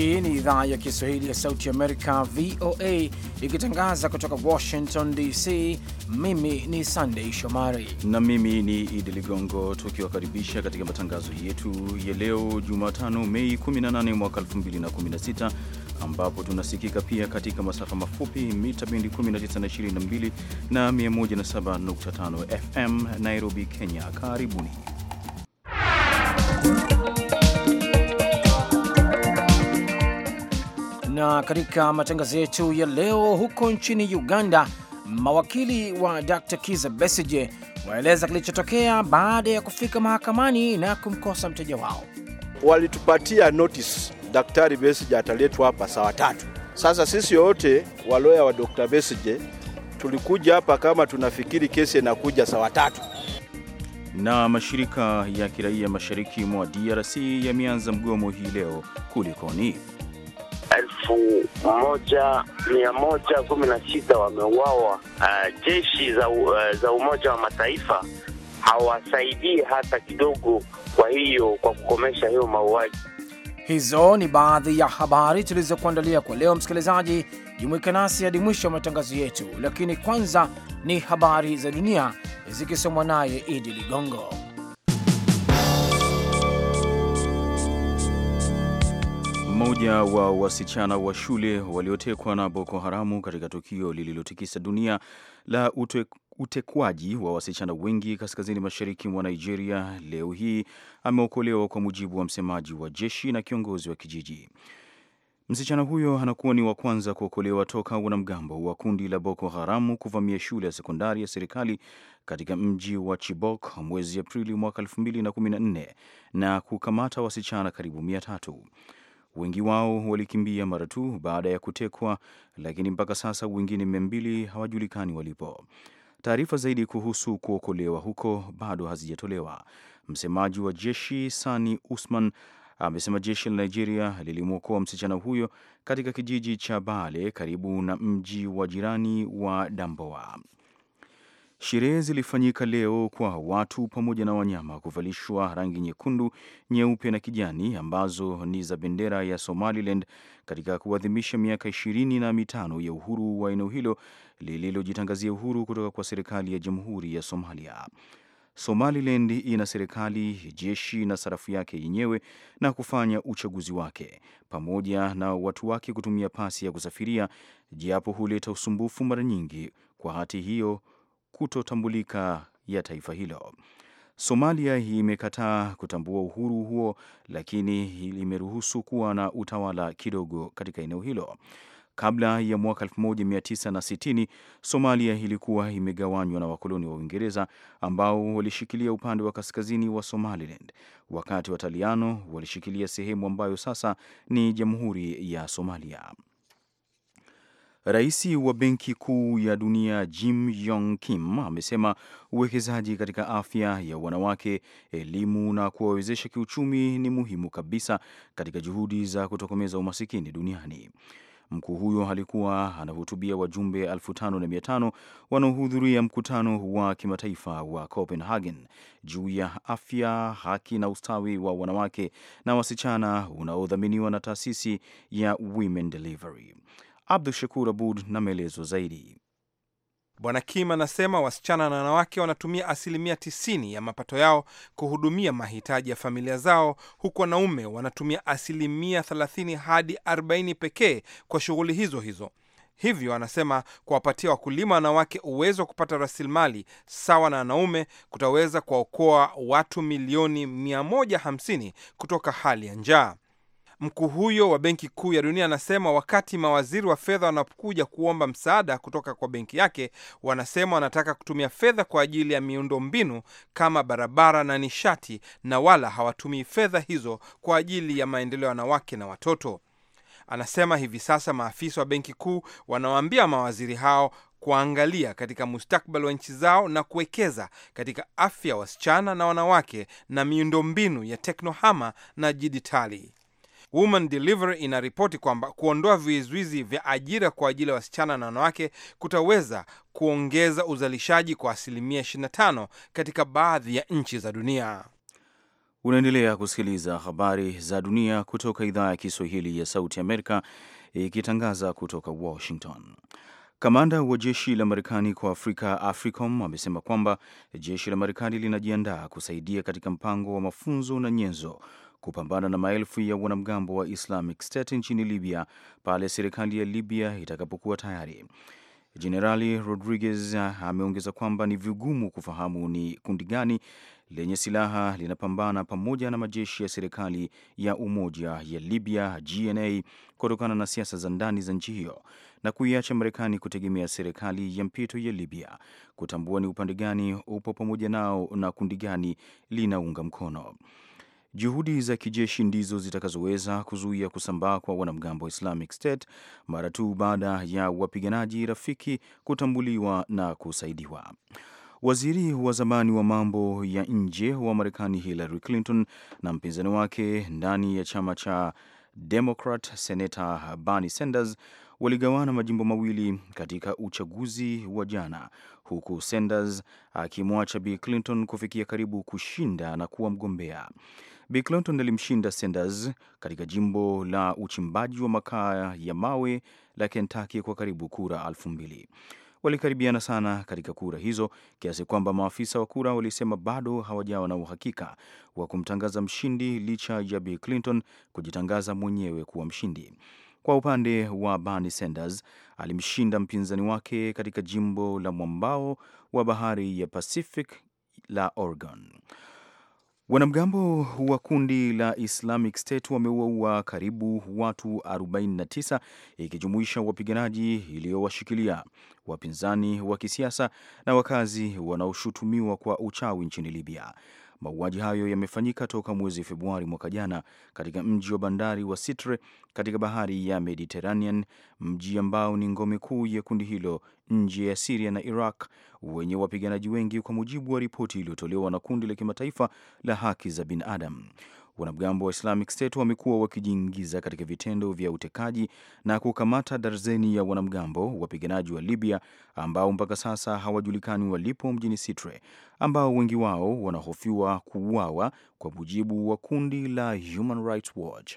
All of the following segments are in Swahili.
Hii ni idhaa ya Kiswahili ya Sauti Amerika, VOA, ikitangaza kutoka Washington DC. Mimi ni Sandei Shomari na mimi ni Idi Ligongo, tukiwakaribisha katika matangazo yetu ya leo Jumatano, Mei 18 mwaka 2016 ambapo tunasikika pia katika masafa mafupi mita bendi 1922 na 107.5 FM Nairobi, Kenya. Karibuni Na katika matangazo yetu ya leo, huko nchini Uganda, mawakili wa Dr. Kiza Besige waeleza kilichotokea baada ya kufika mahakamani na kumkosa mteja wao. Walitupatia notice Daktari Besige ataletwa hapa saa tatu. Sasa sisi wote waloya wa Dr. Besige tulikuja hapa kama tunafikiri kesi inakuja saa tatu. Na mashirika ya kiraia mashariki mwa DRC yameanza mgomo hii leo. Kulikoni? elfu moja mia moja kumi na sita wameuawa. Uh, jeshi za, uh, za Umoja wa Mataifa hawasaidii hata kidogo, kwa hiyo kwa kukomesha hiyo mauaji. Hizo ni baadhi ya habari tulizokuandalia kwa leo. Msikilizaji, jumuika nasi hadi mwisho wa matangazo yetu, lakini kwanza ni habari za dunia zikisomwa naye Idi Ligongo. Mmoja wa wasichana wa shule waliotekwa na Boko Haramu katika tukio lililotikisa dunia la utwe utekwaji wa wasichana wengi kaskazini mashariki mwa Nigeria leo hii ameokolewa kwa mujibu wa msemaji wa jeshi na kiongozi wa kijiji. Msichana huyo anakuwa ni wa kwanza kuokolewa toka wanamgambo wa kundi la Boko Haramu kuvamia shule ya sekondari ya serikali katika mji wa Chibok mwezi Aprili mwaka 2014 na kukamata wasichana karibu mia tatu. Wengi wao walikimbia mara tu baada ya kutekwa, lakini mpaka sasa wengine mia mbili hawajulikani walipo. Taarifa zaidi kuhusu kuokolewa huko bado hazijatolewa. Msemaji wa jeshi Sani Usman amesema jeshi la Nigeria lilimwokoa msichana huyo katika kijiji cha Bale karibu na mji wa jirani wa Damboa. Sherehe zilifanyika leo kwa watu pamoja na wanyama kuvalishwa rangi nyekundu, nyeupe na kijani ambazo ni za bendera ya Somaliland katika kuadhimisha miaka ishirini na mitano ya uhuru wa eneo hilo lililojitangazia uhuru kutoka kwa serikali ya Jamhuri ya Somalia. Somaliland ina serikali, jeshi na sarafu yake yenyewe na kufanya uchaguzi wake pamoja na watu wake kutumia pasi ya kusafiria, japo huleta usumbufu mara nyingi kwa hati hiyo kutotambulika ya taifa hilo. Somalia imekataa kutambua uhuru huo, lakini limeruhusu kuwa na utawala kidogo katika eneo hilo. Kabla ya mwaka 1960 Somalia ilikuwa imegawanywa na wakoloni wa Uingereza ambao walishikilia upande wa kaskazini wa Somaliland, wakati Wataliano walishikilia sehemu ambayo sasa ni Jamhuri ya Somalia. Rais wa Benki Kuu ya Dunia Jim Yong Kim amesema uwekezaji katika afya ya wanawake, elimu na kuwawezesha kiuchumi ni muhimu kabisa katika juhudi za kutokomeza umasikini duniani. Mkuu huyo alikuwa anahutubia wajumbe elfu wanaohudhuria mkutano wa kimataifa wa Copenhagen juu ya afya, haki na ustawi wa wanawake na wasichana unaodhaminiwa na taasisi ya Women Delivery. Abdu Shakur Abud na maelezo zaidi. Bwana Kim anasema wasichana na wanawake wanatumia asilimia 90 ya mapato yao kuhudumia mahitaji ya familia zao, huku wanaume wanatumia asilimia 30 hadi 40 pekee kwa shughuli hizo hizo. Hivyo anasema kuwapatia wakulima wanawake uwezo wa kupata rasilimali sawa na wanaume kutaweza kuwaokoa watu milioni 150 kutoka hali ya njaa. Mkuu huyo wa Benki Kuu ya Dunia anasema wakati mawaziri wa fedha wanapokuja kuomba msaada kutoka kwa benki yake, wanasema wanataka kutumia fedha kwa ajili ya miundombinu kama barabara na nishati, na wala hawatumii fedha hizo kwa ajili ya maendeleo ya wanawake na watoto. Anasema hivi sasa maafisa wa benki kuu wanawaambia mawaziri hao kuangalia katika mustakbali wa nchi zao na kuwekeza katika afya wasichana na wanawake na miundombinu ya teknohama na jiditali Women Delivery inaripoti kwamba kuondoa vizuizi vya ajira kwa ajili ya wasichana na wanawake kutaweza kuongeza uzalishaji kwa asilimia 25 katika baadhi ya nchi za dunia. Unaendelea kusikiliza habari za dunia kutoka idhaa ya Kiswahili ya Sauti Amerika ikitangaza kutoka Washington. Kamanda wa jeshi la Marekani kwa Afrika, AFRICOM, amesema kwamba jeshi la Marekani linajiandaa kusaidia katika mpango wa mafunzo na nyenzo kupambana na maelfu ya wanamgambo wa Islamic State nchini Libya pale serikali ya Libya itakapokuwa tayari. Jenerali Rodriguez ameongeza kwamba ni vigumu kufahamu ni kundi gani lenye silaha linapambana pamoja na majeshi ya serikali ya umoja ya Libya GNA kutokana na siasa za ndani za nchi hiyo na kuiacha Marekani kutegemea serikali ya mpito ya Libya kutambua ni upande gani upo pamoja nao na kundi gani linaunga mkono. Juhudi za kijeshi ndizo zitakazoweza kuzuia kusambaa kwa wanamgambo wa Islamic State mara tu baada ya wapiganaji rafiki kutambuliwa na kusaidiwa. Waziri wa zamani wa mambo ya nje wa Marekani Hillary Clinton na mpinzani wake ndani ya chama cha Democrat Senata Bernie Sanders waligawana majimbo mawili katika uchaguzi wa jana, huku Sanders akimwacha Bi Clinton kufikia karibu kushinda na kuwa mgombea. Bi Clinton alimshinda Sanders katika jimbo la uchimbaji wa makaa ya mawe la Kentucky kwa karibu kura elfu mbili. Walikaribiana sana katika kura hizo kiasi kwamba maafisa wa kura walisema bado hawajawa na uhakika wa kumtangaza mshindi licha ya bill Clinton kujitangaza mwenyewe kuwa mshindi. Kwa upande wa Bernie Sanders alimshinda mpinzani wake katika jimbo la mwambao wa bahari ya Pacific la Oregon. Wanamgambo wa kundi la Islamic State wamewaua karibu watu 49 ikijumuisha wapiganaji iliyowashikilia wapinzani wa kisiasa na wakazi wanaoshutumiwa kwa uchawi nchini Libya. Mauaji hayo yamefanyika toka mwezi Februari mwaka jana katika mji wa bandari wa Sitre katika bahari ya Mediterranean, mji ambao ni ngome kuu ya kundi hilo nje ya Siria na Iraq wenye wapiganaji wengi, kwa mujibu wa ripoti iliyotolewa na kundi la kimataifa la haki za binadamu. Wanamgambo wa Islamic State wamekuwa wakijiingiza katika vitendo vya utekaji na kukamata darzeni ya wanamgambo wapiganaji wa Libya ambao mpaka sasa hawajulikani walipo mjini Sitre, ambao wengi wao wanahofiwa kuuawa, kwa mujibu wa kundi la Human Rights Watch.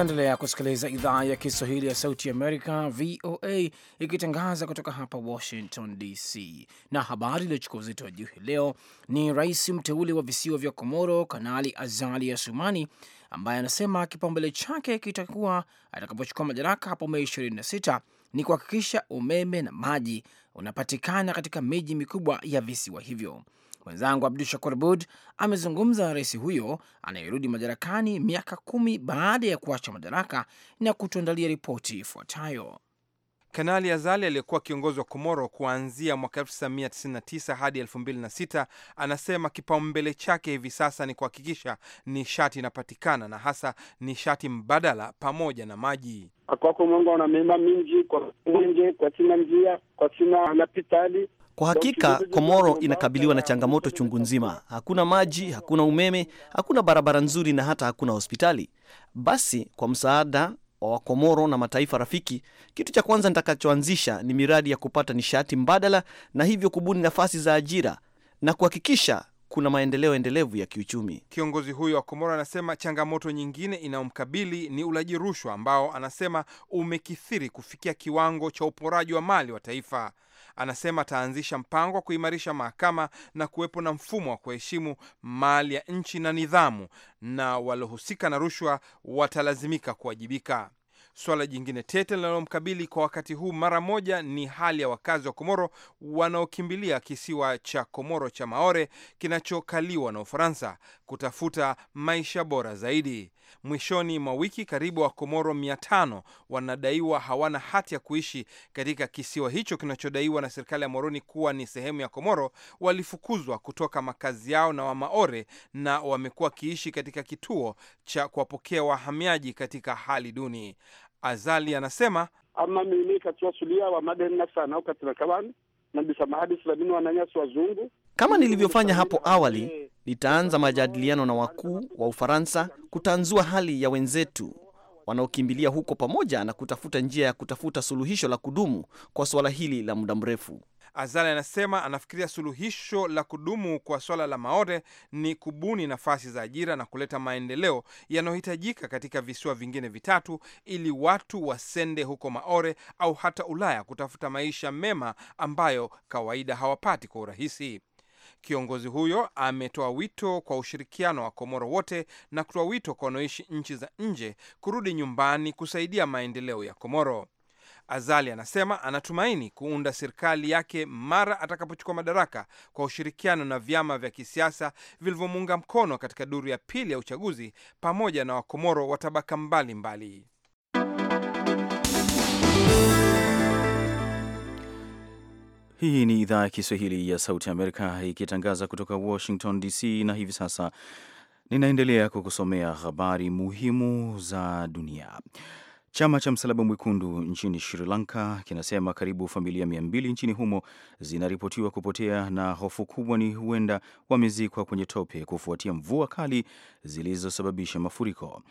Tunaendelea kusikiliza idhaa ya Kiswahili ya Sauti Amerika, VOA, ikitangaza kutoka hapa Washington DC. Na habari iliyochukua uzito wa juu hi leo ni rais mteule wa visiwa vya Komoro, Kanali Azali Asumani, ambaye anasema kipaumbele chake kitakuwa atakapochukua madaraka hapo Mei 26 ni kuhakikisha umeme na maji unapatikana katika miji mikubwa ya visiwa hivyo. Mwenzangu Abdu Shakur Abud amezungumza na rais huyo anayerudi madarakani miaka kumi baada ya kuacha madaraka na kutuandalia ripoti ifuatayo. Kanali Azali aliyekuwa kiongozi wa Komoro kuanzia mwaka 1999 hadi 2006 anasema kipaumbele chake hivi sasa ni kuhakikisha nishati inapatikana na hasa nishati mbadala pamoja na maji. Kwako mongo ana mema mingi kwa wingi kwa sina njia kwa sina hospitali kwa hakika Komoro inakabiliwa na changamoto chungu nzima. Hakuna maji, hakuna umeme, hakuna barabara nzuri na hata hakuna hospitali. Basi kwa msaada wa Wakomoro na mataifa rafiki, kitu cha kwanza nitakachoanzisha ni miradi ya kupata nishati mbadala na hivyo kubuni nafasi za ajira na kuhakikisha kuna maendeleo endelevu ya kiuchumi. Kiongozi huyo wa Komoro anasema changamoto nyingine inayomkabili ni ulaji rushwa ambao anasema umekithiri kufikia kiwango cha uporaji wa mali wa taifa. Anasema ataanzisha mpango wa kuimarisha mahakama na kuwepo na mfumo wa kuheshimu mali ya nchi na nidhamu, na waliohusika na rushwa watalazimika kuwajibika. Swala jingine tete linalomkabili kwa wakati huu mara moja ni hali ya wakazi wa Komoro wanaokimbilia kisiwa cha Komoro cha Maore kinachokaliwa na Ufaransa kutafuta maisha bora zaidi. Mwishoni mwa wiki karibu Wakomoro mia tano wanadaiwa hawana hati ya kuishi katika kisiwa hicho kinachodaiwa na serikali ya Moroni kuwa ni sehemu ya Komoro. Walifukuzwa kutoka makazi yao na Wamaore na wamekuwa wakiishi katika kituo cha kuwapokea wahamiaji katika hali duni. Azali anasema ama mimi katiwasulia wamadena sana ukatinakawan nabisamaadisladini wananyasi wazungu kama nilivyofanya hapo awali, nitaanza majadiliano na wakuu wa Ufaransa kutanzua hali ya wenzetu wanaokimbilia huko pamoja na kutafuta njia ya kutafuta suluhisho la kudumu kwa suala hili la muda mrefu. Azali anasema anafikiria suluhisho la kudumu kwa swala la Maore ni kubuni nafasi za ajira na kuleta maendeleo yanayohitajika katika visiwa vingine vitatu, ili watu wasende huko Maore au hata Ulaya kutafuta maisha mema ambayo kawaida hawapati kwa urahisi. Kiongozi huyo ametoa wito kwa ushirikiano wa Komoro wote na kutoa wito kwa wanaoishi nchi za nje kurudi nyumbani kusaidia maendeleo ya Komoro. Azali anasema anatumaini kuunda serikali yake mara atakapochukua madaraka kwa ushirikiano na vyama vya kisiasa vilivyomuunga mkono katika duru ya pili ya uchaguzi pamoja na Wakomoro wa tabaka mbalimbali. Hii ni idhaa ya Kiswahili ya Sauti ya Amerika ikitangaza kutoka Washington DC, na hivi sasa ninaendelea kukusomea habari muhimu za dunia. Chama cha Msalaba Mwekundu nchini Sri Lanka kinasema karibu familia mia mbili nchini humo zinaripotiwa kupotea na hofu kubwa ni huenda wamezikwa kwenye tope kufuatia mvua kali zilizosababisha mafuriko.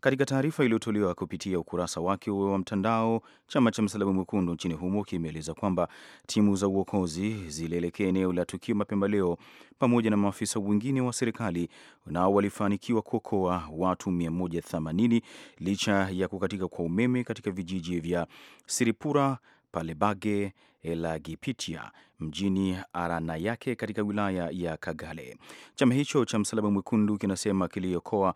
Katika taarifa iliyotolewa kupitia ukurasa wake wa mtandao, chama cha Msalaba Mwekundu nchini humo kimeeleza kwamba timu za uokozi zilielekea eneo la tukio mapema leo pamoja na maafisa wengine wa serikali, nao walifanikiwa kuokoa watu 180 licha ya kukatika kwa umeme katika vijiji vya Siripura, Palebage, Elagipitia mjini Aranayake katika wilaya ya Kagale. Chama hicho cha Msalaba Mwekundu kinasema kiliokoa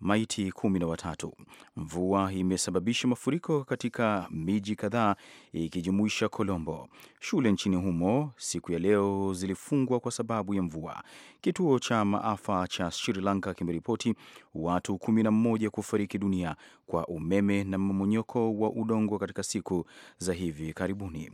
maiti kumi na watatu. Mvua imesababisha mafuriko katika miji kadhaa ikijumuisha Colombo. Shule nchini humo siku ya leo zilifungwa kwa sababu ya mvua. Kituo cha maafa cha Sri Lanka kimeripoti watu 11 kufariki dunia kwa umeme na mmomonyoko wa udongo katika siku za hivi karibuni.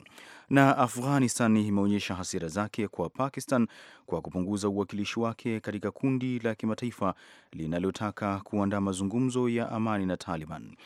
Na Afghanistan imeonyesha hasira zake kwa Pakistan kwa kupunguza uwakilishi wake katika kundi la kimataifa linalotaka kuandaa mazungumzo ya amani na Taliban.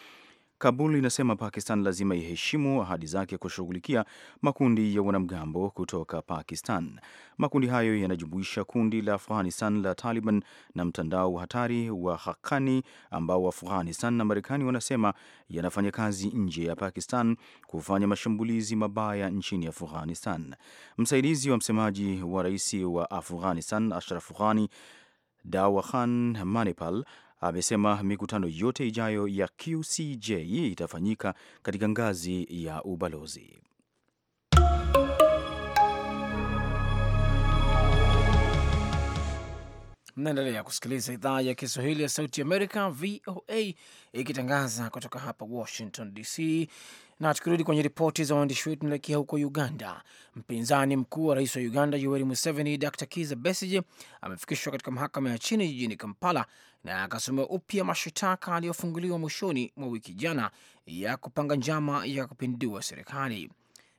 Kabul inasema Pakistan lazima iheshimu ahadi zake kushughulikia makundi ya wanamgambo kutoka Pakistan. Makundi hayo yanajumuisha kundi la Afghanistan la Taliban na mtandao wa hatari wa hakani ambao Afghanistan na Marekani wanasema yanafanya kazi nje ya Pakistan kufanya mashambulizi mabaya nchini Afghanistan. Msaidizi wa msemaji wa rais wa Afghanistan Ashraf Ghani Dawa Khan Manipal amesema mikutano yote ijayo ya QCJ itafanyika katika ngazi ya ubalozi. Mnaendelea kusikiliza idhaa ya Kiswahili ya Sauti Amerika, VOA, ikitangaza kutoka hapa Washington DC. Na tukirudi kwenye ripoti za waandishi wetu, tunaelekea huko Uganda. Mpinzani mkuu wa rais wa Uganda Yoweri Museveni, Dr Kiza besiji amefikishwa katika mahakama ya chini jijini Kampala na akasomewa upya mashitaka aliyofunguliwa mwishoni mwa wiki jana ya kupanga njama ya kupindua serikali.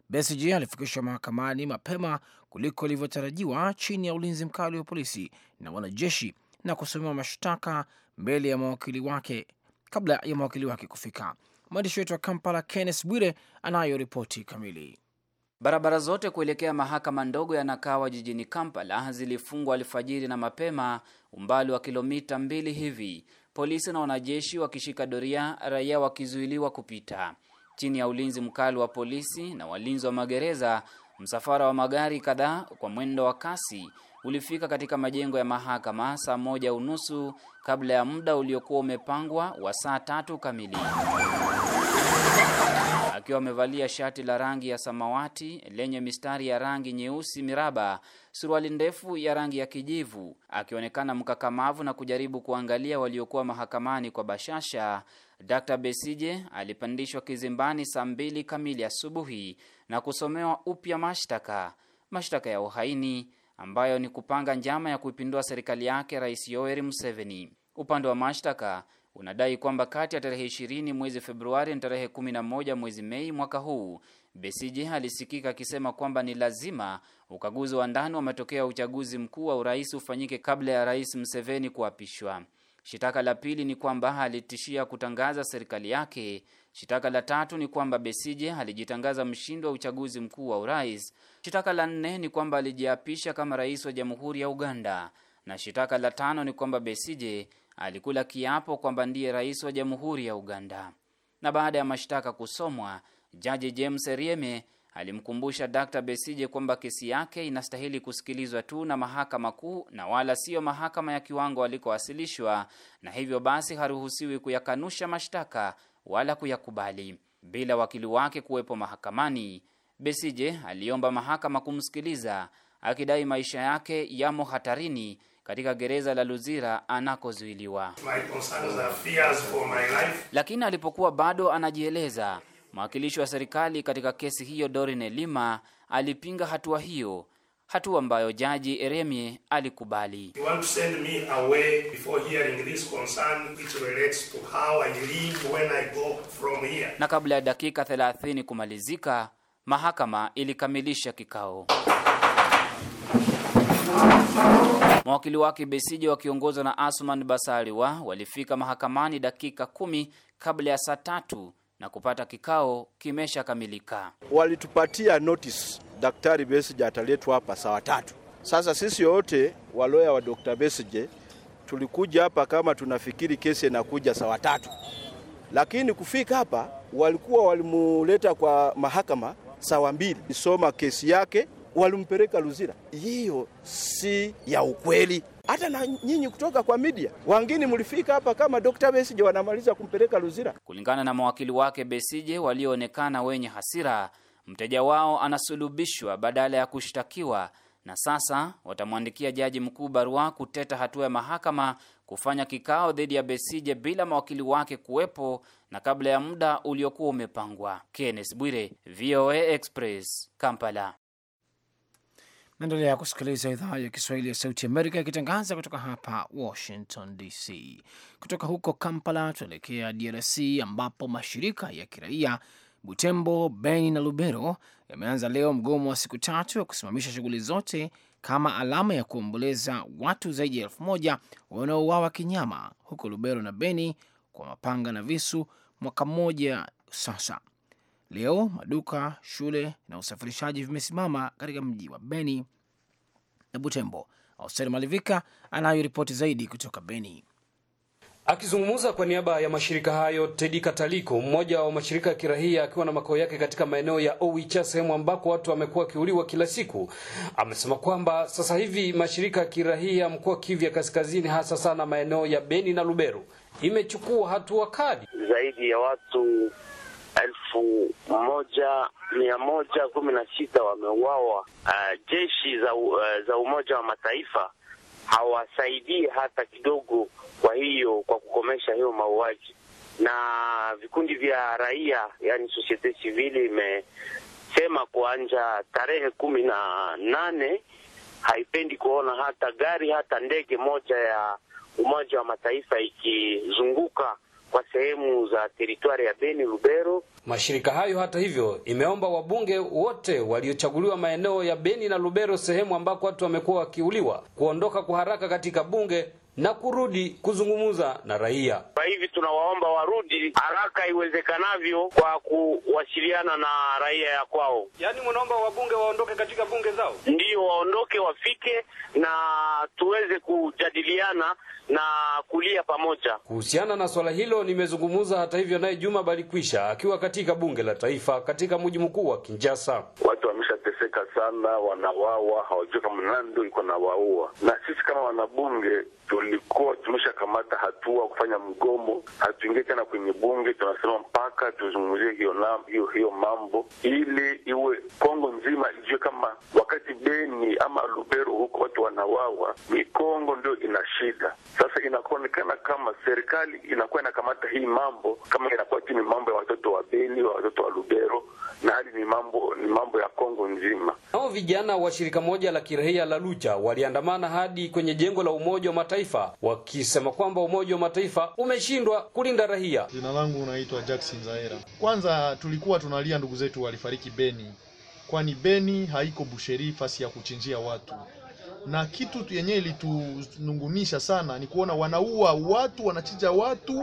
Besige alifikishwa mahakamani mapema kuliko ilivyotarajiwa chini ya ulinzi mkali wa polisi na wanajeshi na kusomewa mashtaka mbele ya mawakili wake kabla ya mawakili wake kufika. Mwandishi wetu wa Kampala, Kenneth Bwire, anayo ripoti kamili. Barabara zote kuelekea mahakama ndogo ya Nakawa jijini Kampala zilifungwa alfajiri na mapema, umbali wa kilomita mbili hivi, polisi na wanajeshi wakishika doria, raia wakizuiliwa kupita. Chini ya ulinzi mkali wa polisi na walinzi wa magereza, msafara wa magari kadhaa kwa mwendo wa kasi ulifika katika majengo ya mahakama saa moja unusu kabla ya muda uliokuwa umepangwa wa saa tatu kamili akiwa amevalia shati la rangi ya samawati lenye mistari ya rangi nyeusi miraba, suruali ndefu ya rangi ya kijivu, akionekana mkakamavu na kujaribu kuangalia waliokuwa mahakamani kwa bashasha. Dr. Besije alipandishwa kizimbani saa mbili kamili asubuhi na kusomewa upya mashtaka, mashtaka ya uhaini ambayo ni kupanga njama ya kuipindua serikali yake Rais Yoweri Museveni. Upande wa mashtaka unadai kwamba kati ya tarehe 20 mwezi Februari na tarehe 11 mwezi Mei mwaka huu, Besije alisikika akisema kwamba ni lazima ukaguzi wa ndani wa matokeo ya uchaguzi mkuu wa urais ufanyike kabla ya Rais Museveni kuapishwa. Shitaka la pili ni kwamba alitishia kutangaza serikali yake. Shitaka la tatu ni kwamba Besije alijitangaza mshindi wa uchaguzi mkuu wa urais. Shitaka la nne ni kwamba alijiapisha kama rais wa Jamhuri ya Uganda, na shitaka la tano ni kwamba Besije alikula kiapo kwamba ndiye rais wa jamhuri ya Uganda. Na baada ya mashtaka kusomwa, jaji James Rieme alimkumbusha Dr Besije kwamba kesi yake inastahili kusikilizwa tu na mahakama kuu na wala siyo mahakama ya kiwango alikowasilishwa, na hivyo basi haruhusiwi kuyakanusha mashtaka wala kuyakubali. Bila wakili wake kuwepo mahakamani, Besije aliomba mahakama kumsikiliza akidai maisha yake yamo hatarini katika gereza la Luzira anakozuiliwa. Lakini alipokuwa bado anajieleza, mwakilishi wa serikali katika kesi hiyo Dorine Lima alipinga hatua hiyo, hatua ambayo jaji Eremie alikubali. Na kabla ya dakika 30 kumalizika, mahakama ilikamilisha kikao. Mawakili wake Besije wakiongozwa na Asman Basariwa walifika mahakamani dakika kumi kabla ya saa tatu na kupata kikao kimeshakamilika. Walitupatia notice Daktari Besije ataletwa hapa saa tatu. Sasa sisi wote waloya wa Dr. Besije tulikuja hapa kama tunafikiri kesi inakuja saa tatu, lakini kufika hapa walikuwa walimuleta kwa mahakama saa mbili isoma kesi yake walimpeleka Luzira, hiyo si ya ukweli. Hata na nyinyi kutoka kwa media wangine mlifika hapa kama Dr. Besije wanamaliza kumpeleka Luzira. Kulingana na mawakili wake Besije walioonekana wenye hasira, mteja wao anasulubishwa badala ya kushtakiwa, na sasa watamwandikia jaji mkuu barua kuteta hatua ya mahakama kufanya kikao dhidi ya Besije bila mawakili wake kuwepo na kabla ya muda uliokuwa umepangwa. Kenneth Bwire, VOA Express, Kampala. Naendelea kusikiliza idhaa ya Kiswahili ya Sauti Amerika ikitangaza kutoka hapa Washington DC. Kutoka huko Kampala tunaelekea DRC ambapo mashirika ya kiraia Butembo, Beni na Lubero yameanza leo mgomo wa siku tatu wa kusimamisha shughuli zote kama alama ya kuomboleza watu zaidi ya elfu moja wanaouawa kinyama huko Lubero na Beni kwa mapanga na visu mwaka mmoja sasa. Leo maduka, shule na usafirishaji vimesimama katika mji wa Beni na Butembo. Auster Malivika anayo ripoti zaidi kutoka Beni. Akizungumza kwa niaba ya mashirika hayo, Tedi Kataliko, mmoja wa mashirika ya kirahia akiwa na makao yake katika maeneo ya Owicha, sehemu ambako watu wamekuwa wakiuliwa kila siku, amesema kwamba sasa hivi mashirika ya kirahia mkoa Kivu ya Kaskazini, hasa sana maeneo ya Beni na Lubero, imechukua hatua kali zaidi ya watu elfu moja mia moja kumi na sita wameuawa. Uh, jeshi za, uh, za Umoja wa Mataifa hawasaidii hata kidogo, kwa hiyo kwa kukomesha hiyo mauaji, na vikundi vya raia, yani societe civile imesema kuanja tarehe kumi na nane haipendi kuona hata gari hata ndege moja ya Umoja wa Mataifa ikizunguka kwa sehemu za teritwari ya Beni Lubero. Mashirika hayo hata hivyo, imeomba wabunge wote waliochaguliwa maeneo ya Beni na Lubero, sehemu ambako watu wamekuwa wakiuliwa, kuondoka kwa haraka katika bunge na kurudi kuzungumza na raia. Kwa hivi tunawaomba warudi haraka iwezekanavyo kwa kuwasiliana na raia ya kwao. Yaani mnaomba wabunge waondoke katika bunge zao? Ndiyo, waondoke wafike na tuweze kujadiliana na kulia pamoja kuhusiana na swala hilo. Nimezungumza hata hivyo naye Juma Balikwisha akiwa katika bunge la taifa katika mji mkuu wa Kinshasa. Watu wameshateseka sana, wanawawa, hawajui kama nani ndio iko nawaua, na sisi kama wanabunge tu tulikuwa tumeshakamata hatua kufanya mgomo. Hatuingie tena kwenye bunge, tunasema mpaka tuzungumzie hiyo hiyo hiyo mambo, ili iwe Kongo nzima ijue kama wakati Beni ama Lubero huko watu wanawawa, ni Kongo ndio ina shida. Sasa inakuonekana kama serikali inakuwa inakamata hii mambo kama inakuwa tu ni mambo ya watoto wa Beni, wa watoto wa Lubero, na hali ni mambo ni mambo ya Kongo nzima. Hao vijana wa shirika moja la kirahia la Lucha waliandamana hadi kwenye jengo la Umoja wa Mataifa Mataifa wakisema kwamba Umoja wa Mataifa umeshindwa kulinda raia. Jina langu unaitwa Jackson Zaera. Kwanza tulikuwa tunalia ndugu zetu walifariki Beni, kwani Beni haiko busheri fasi ya kuchinjia watu na kitu yenyewe ilitunungunisha sana ni kuona wanaua watu wanachinja watu.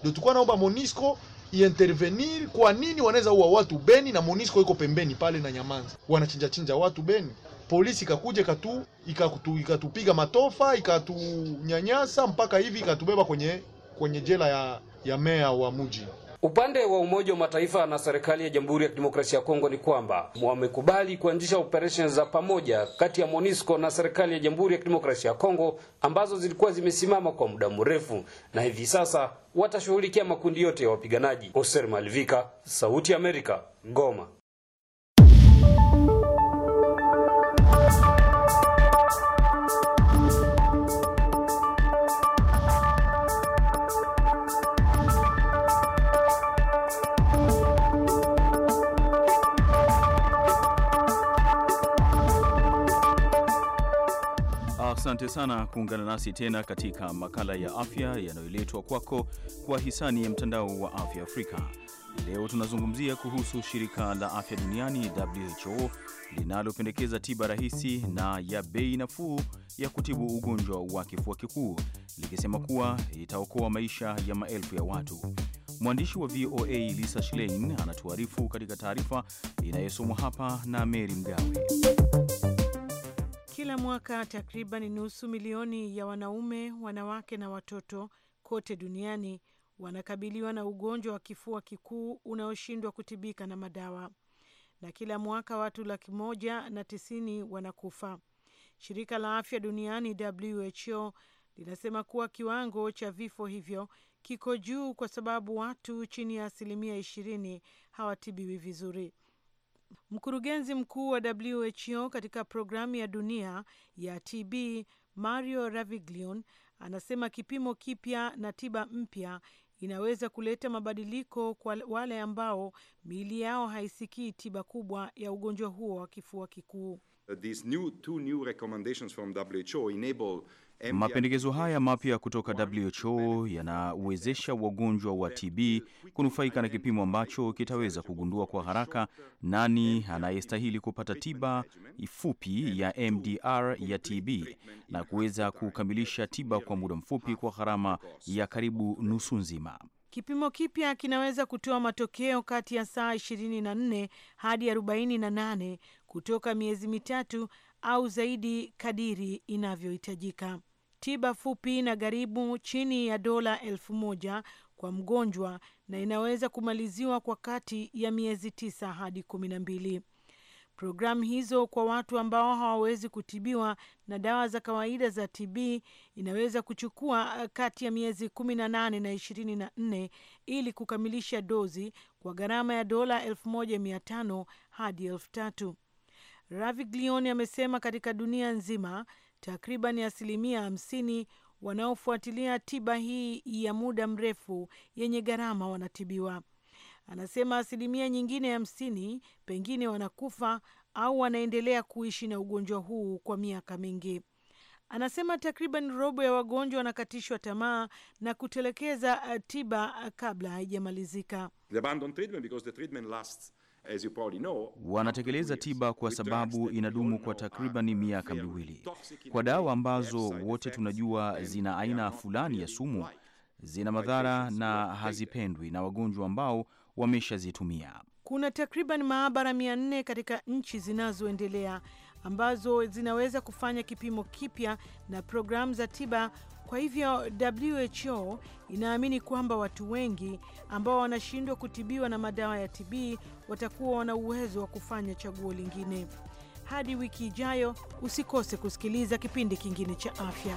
Ndio tulikuwa naomba Monisco iintervenir. Kwa nini wanaweza ua watu Beni na Monisco iko pembeni pale na Nyamanza wanachinja chinja watu Beni? polisi ikakuja ikatu ikatupiga ikatu matofa ikatunyanyasa mpaka hivi ikatubeba kwenye kwenye jela ya, ya meya wa mji. Upande wa Umoja wa Mataifa na serikali ya Jamhuri ya Kidemokrasia ya Kongo ni kwamba wamekubali kuanzisha operesheni za pamoja kati ya MONUSCO na serikali ya Jamhuri ya Kidemokrasia ya Kongo ambazo zilikuwa zimesimama kwa muda mrefu, na hivi sasa watashughulikia makundi yote ya wapiganaji. Oser Malivika, Sauti ya Amerika, Goma. Asante sana kuungana nasi tena katika makala ya afya yanayoletwa kwako kwa hisani ya mtandao wa afya Afrika. Leo tunazungumzia kuhusu shirika la afya duniani WHO linalopendekeza tiba rahisi na ya bei nafuu ya kutibu ugonjwa wa kifua kikuu, likisema kuwa itaokoa maisha ya maelfu ya watu. Mwandishi wa VOA Lisa Schlein anatuarifu katika taarifa inayosomwa hapa na Mary Mgawe. Kila mwaka takriban nusu milioni ya wanaume, wanawake na watoto kote duniani wanakabiliwa na ugonjwa wa kifua kikuu unaoshindwa kutibika na madawa, na kila mwaka watu laki moja na tisini wanakufa. Shirika la afya duniani WHO linasema kuwa kiwango cha vifo hivyo kiko juu kwa sababu watu chini ya asilimia ishirini hawatibiwi vizuri. Mkurugenzi mkuu wa WHO katika programu ya dunia ya TB Mario Raviglione anasema kipimo kipya na tiba mpya inaweza kuleta mabadiliko kwa wale ambao miili yao haisikii tiba kubwa ya ugonjwa huo wa kifua kikuu. Mapendekezo haya mapya kutoka WHO yanawezesha wagonjwa wa TB kunufaika na kipimo ambacho kitaweza kugundua kwa haraka nani anayestahili kupata tiba fupi ya MDR ya TB na kuweza kukamilisha tiba kwa muda mfupi kwa gharama ya karibu nusu nzima. Kipimo kipya kinaweza kutoa matokeo kati ya saa 24 hadi 48 kutoka miezi mitatu au zaidi kadiri inavyohitajika tiba fupi na gharibu chini ya dola elfu moja kwa mgonjwa na inaweza kumaliziwa kwa kati ya miezi tisa hadi kumi na mbili. Programu hizo kwa watu ambao hawawezi kutibiwa na dawa za kawaida za TB inaweza kuchukua eh, kati ya miezi kumi na nane na ishirini na nne ili kukamilisha dozi kwa gharama ya dola elfu moja mia tano hadi elfu tatu. Glioni amesema katika dunia nzima Takriban asilimia hamsini wanaofuatilia tiba hii ya muda mrefu yenye gharama wanatibiwa. Anasema asilimia nyingine hamsini pengine wanakufa au wanaendelea kuishi na ugonjwa huu kwa miaka mingi. Anasema takriban robo ya wagonjwa wanakatishwa tamaa na kutelekeza eh, tiba eh, kabla haijamalizika. Wanatekeleza tiba kwa sababu inadumu kwa takribani miaka miwili. Kwa dawa ambazo wote tunajua zina aina fulani ya sumu, zina madhara na hazipendwi na wagonjwa ambao wameshazitumia. Kuna takriban maabara mia nne katika nchi zinazoendelea ambazo zinaweza kufanya kipimo kipya na programu za tiba. Kwa hivyo WHO inaamini kwamba watu wengi ambao wanashindwa kutibiwa na madawa ya TB watakuwa wana uwezo wa kufanya chaguo lingine. Hadi wiki ijayo, usikose kusikiliza kipindi kingine cha afya.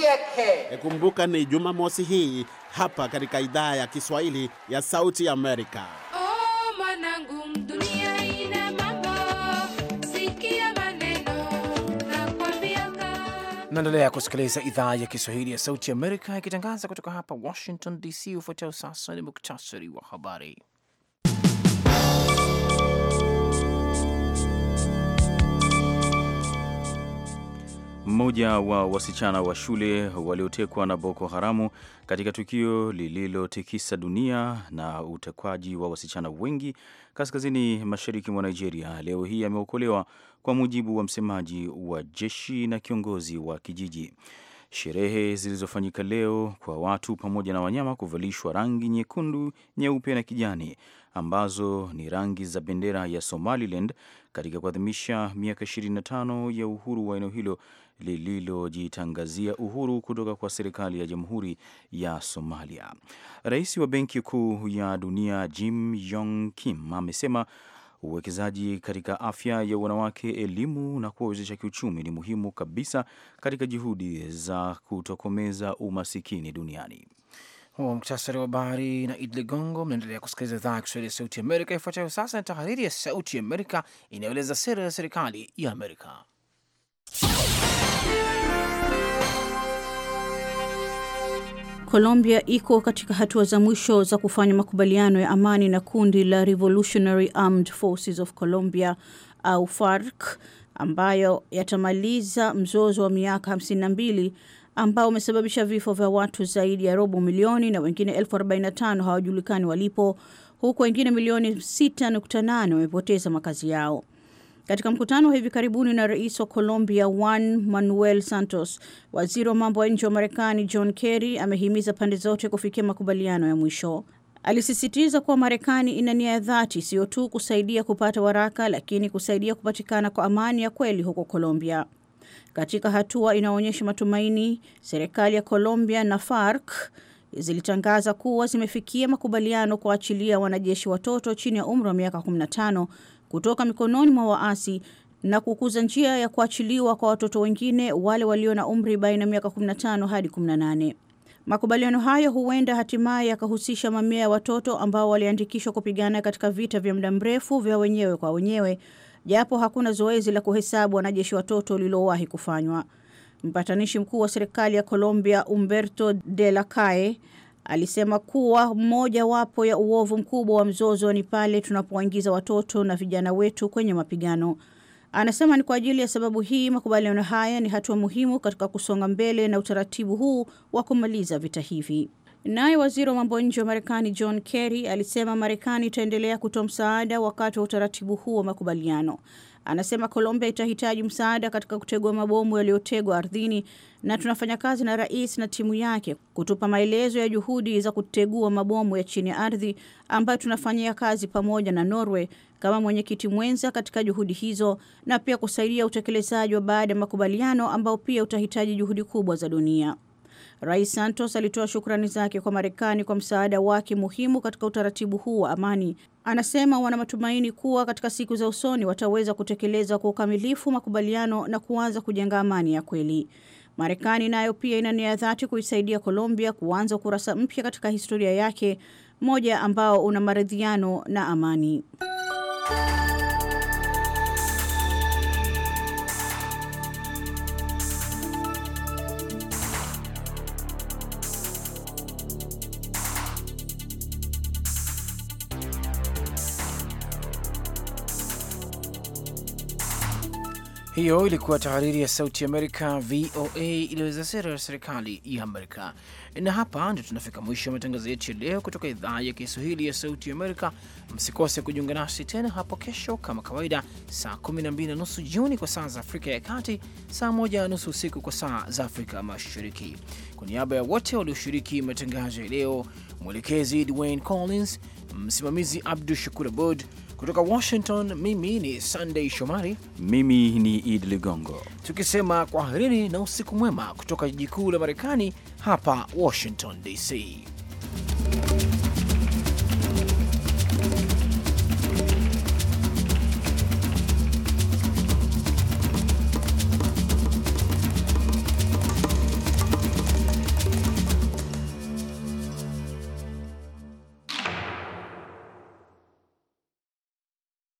kazi yake. Kumbuka ni Jumamosi hii hapa katika idhaa ya Kiswahili ya Sauti Amerika. Oh, Naendelea kusikiliza idhaa ya Kiswahili ya Sauti Amerika ikitangaza kutoka hapa Washington DC. Ufuatao sasa ni muktasari wa habari. Mmoja wa wasichana wa shule waliotekwa na Boko Haramu katika tukio lililotikisa dunia na utekwaji wa wasichana wengi kaskazini mashariki mwa Nigeria leo hii ameokolewa kwa mujibu wa msemaji wa jeshi na kiongozi wa kijiji. Sherehe zilizofanyika leo kwa watu pamoja na wanyama kuvalishwa rangi nyekundu, nyeupe na kijani ambazo ni rangi za bendera ya Somaliland katika kuadhimisha miaka 25 ya uhuru wa eneo hilo lililojitangazia uhuru kutoka kwa serikali ya Jamhuri ya Somalia. Rais wa Benki Kuu ya Dunia Jim Yong Kim amesema uwekezaji katika afya ya wanawake, elimu na kuwawezesha kiuchumi ni muhimu kabisa katika juhudi za kutokomeza umasikini duniani. Huo muktasari wa habari na id Ligongo. Mnaendelea kusikiliza idhaa ya Kiswahili ya Sauti Amerika. Ifuatayo sasa ni tahariri ya Sauti Amerika inayoeleza sera ya serikali ya Amerika. Colombia iko katika hatua za mwisho za kufanya makubaliano ya amani na kundi la Revolutionary Armed Forces of Colombia au FARC ambayo yatamaliza mzozo wa miaka 52 ambao umesababisha vifo vya watu zaidi ya robo milioni na wengine 45 hawajulikani walipo huku wengine milioni 6.8 wamepoteza makazi yao. Katika mkutano wa hivi karibuni na rais wa Colombia Juan Manuel Santos, waziri wa mambo ya nje wa Marekani John Kerry amehimiza pande zote kufikia makubaliano ya mwisho. Alisisitiza kuwa Marekani ina nia ya dhati, sio tu kusaidia kupata waraka, lakini kusaidia kupatikana kwa amani ya kweli huko Colombia. Katika hatua inayoonyesha matumaini, serikali ya Colombia na FARC zilitangaza kuwa zimefikia makubaliano kuachilia wanajeshi watoto chini ya umri wa miaka 15 kutoka mikononi mwa waasi na kukuza njia ya kuachiliwa kwa watoto wengine wale walio na umri baina ya miaka 15 hadi 18. Makubaliano hayo huenda hatimaye yakahusisha mamia ya watoto ambao waliandikishwa kupigana katika vita vya muda mrefu vya wenyewe kwa wenyewe, japo hakuna zoezi la kuhesabu wanajeshi watoto lililowahi kufanywa. Mpatanishi mkuu wa serikali ya Colombia Umberto de la Calle Alisema kuwa mmoja wapo ya uovu mkubwa wa mzozo ni pale tunapowaingiza watoto na vijana wetu kwenye mapigano. Anasema ni kwa ajili ya sababu hii makubaliano haya ni hatua muhimu katika kusonga mbele na utaratibu huu wa kumaliza vita hivi. Naye waziri wa mambo nje wa Marekani John Kerry alisema Marekani itaendelea kutoa msaada wakati wa utaratibu huu wa makubaliano. Anasema Colombia itahitaji msaada katika kutegua mabomu yaliyotegwa ardhini, na tunafanya kazi na rais na timu yake kutupa maelezo ya juhudi za kutegua mabomu ya chini ya ardhi ambayo tunafanyia kazi pamoja na Norway kama mwenyekiti mwenza katika juhudi hizo, na pia kusaidia utekelezaji wa baada ya makubaliano ambao pia utahitaji juhudi kubwa za dunia. Rais Santos alitoa shukrani zake kwa Marekani kwa msaada wake muhimu katika utaratibu huu wa amani Anasema wana matumaini kuwa katika siku za usoni wataweza kutekeleza kwa ukamilifu makubaliano na kuanza kujenga amani ya kweli. Marekani nayo pia ina nia dhati kuisaidia Colombia kuanza ukurasa mpya katika historia yake, moja ambao una maridhiano na amani. Hiyo ilikuwa tahariri ya Sauti Amerika VOA iliyoweza sera ya serikali ya Amerika. Na hapa ndio tunafika mwisho wa matangazo yetu ya leo kutoka idhaa ya Kiswahili ya Sauti Amerika. Msikose kujiunga nasi tena hapo kesho kama kawaida, saa 12 na nusu jioni kwa saa za Afrika ya Kati, saa 1 na nusu usiku kwa saa za Afrika Mashariki. Kwa niaba ya wote walioshiriki matangazo ya leo, mwelekezi Dwayne Collins, msimamizi Abdu Shakur Abud, kutoka Washington, mimi ni Sunday Shomari, mimi ni Idi Ligongo, tukisema kwaherini na usiku mwema kutoka jiji kuu la Marekani hapa Washington DC.